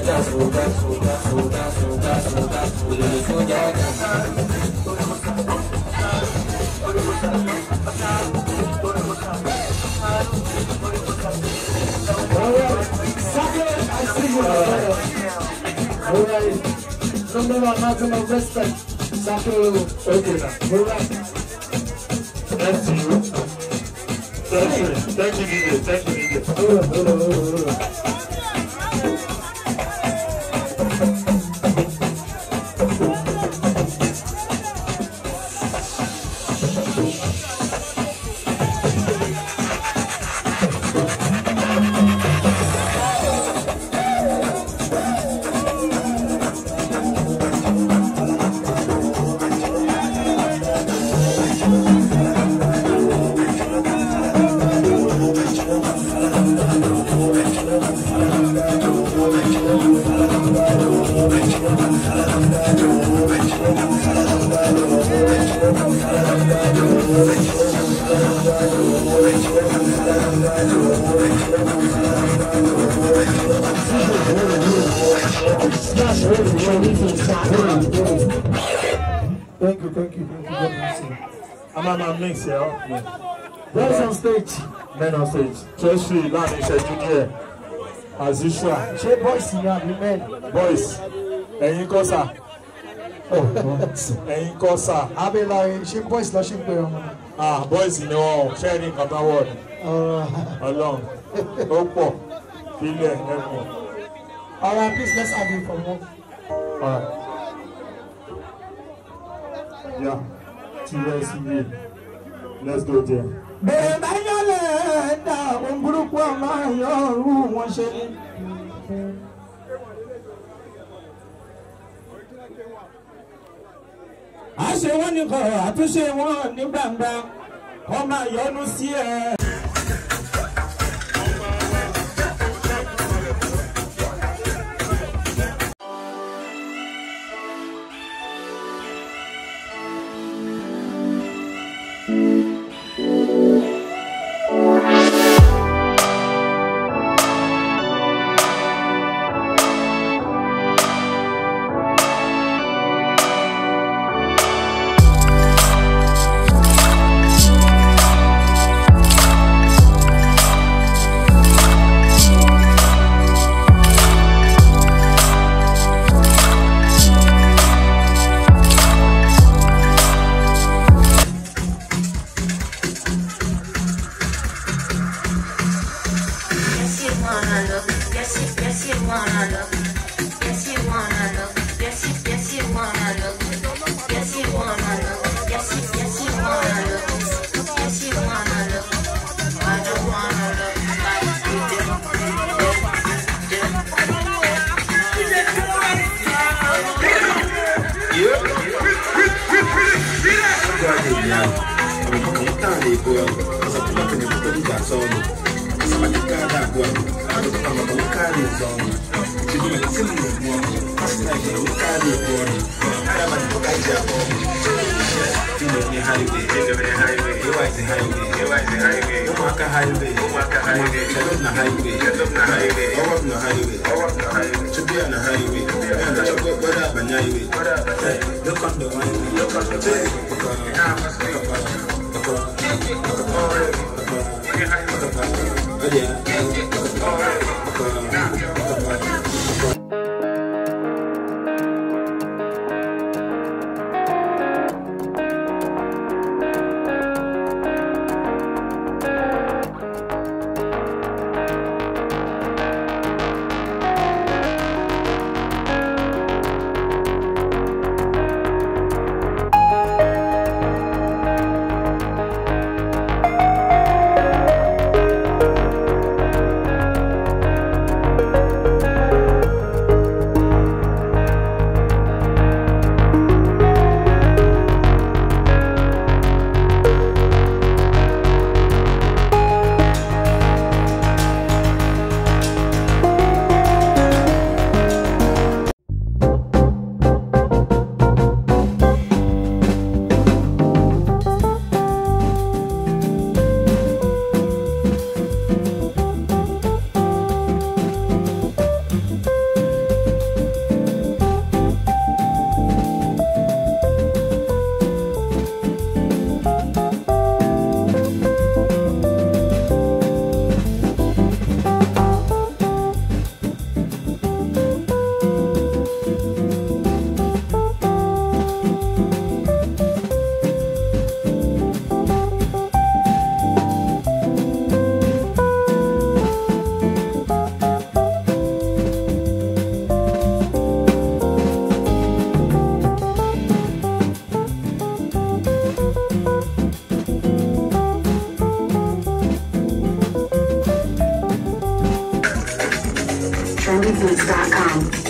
soja, Alright, maximum respect. you. Thank you, DJ. Thank you, DJ. Thank you, thank you, thank you. God bless you. I'm on my mix here. Boys on stage. Men on stage. Trust me, ìṣẹ́jú díẹ̀. As usual. Ṣé boys ni men? Boys. Ẹ̀yin kọ́ sà. Oh, Ẹ̀yin kọ́ sà. Abẹ́láyé ṣé boys lọ ṣe ń pè Ah boys ni wọn ò ṣe é ní nǹkan bá wọ̀ ni. Oh. Ọlọ́run ó pọ̀ ilé All right, please let's have him for more. All right. Yeah. TSU. Let's go there. Bẹ̀rẹ̀ báyọ̀ lẹ̀ ohun burúkú ọmọ ayọ̀ wọn ṣe ni. àṣẹ wọn ní kọ̀rọ̀ àtúnṣe wọn ní gbangba ọmọ àyọnu sí ẹ. zone sabadikada gwangu andu kama bukali zone chigume kisimu gwangu pasina kuna bukali gwangu ara banduka jabo Tino ni highway, tino ni highway, iwa the highway, iwa is highway, umaka highway, umaka highway, kadom na highway, kadom na highway, awak the highway, awak na highway, chubia na highway, the choko bada banyaiwe, the banyaiwe, look on the highway, look on the highway, Oh yeah. Seasons.com.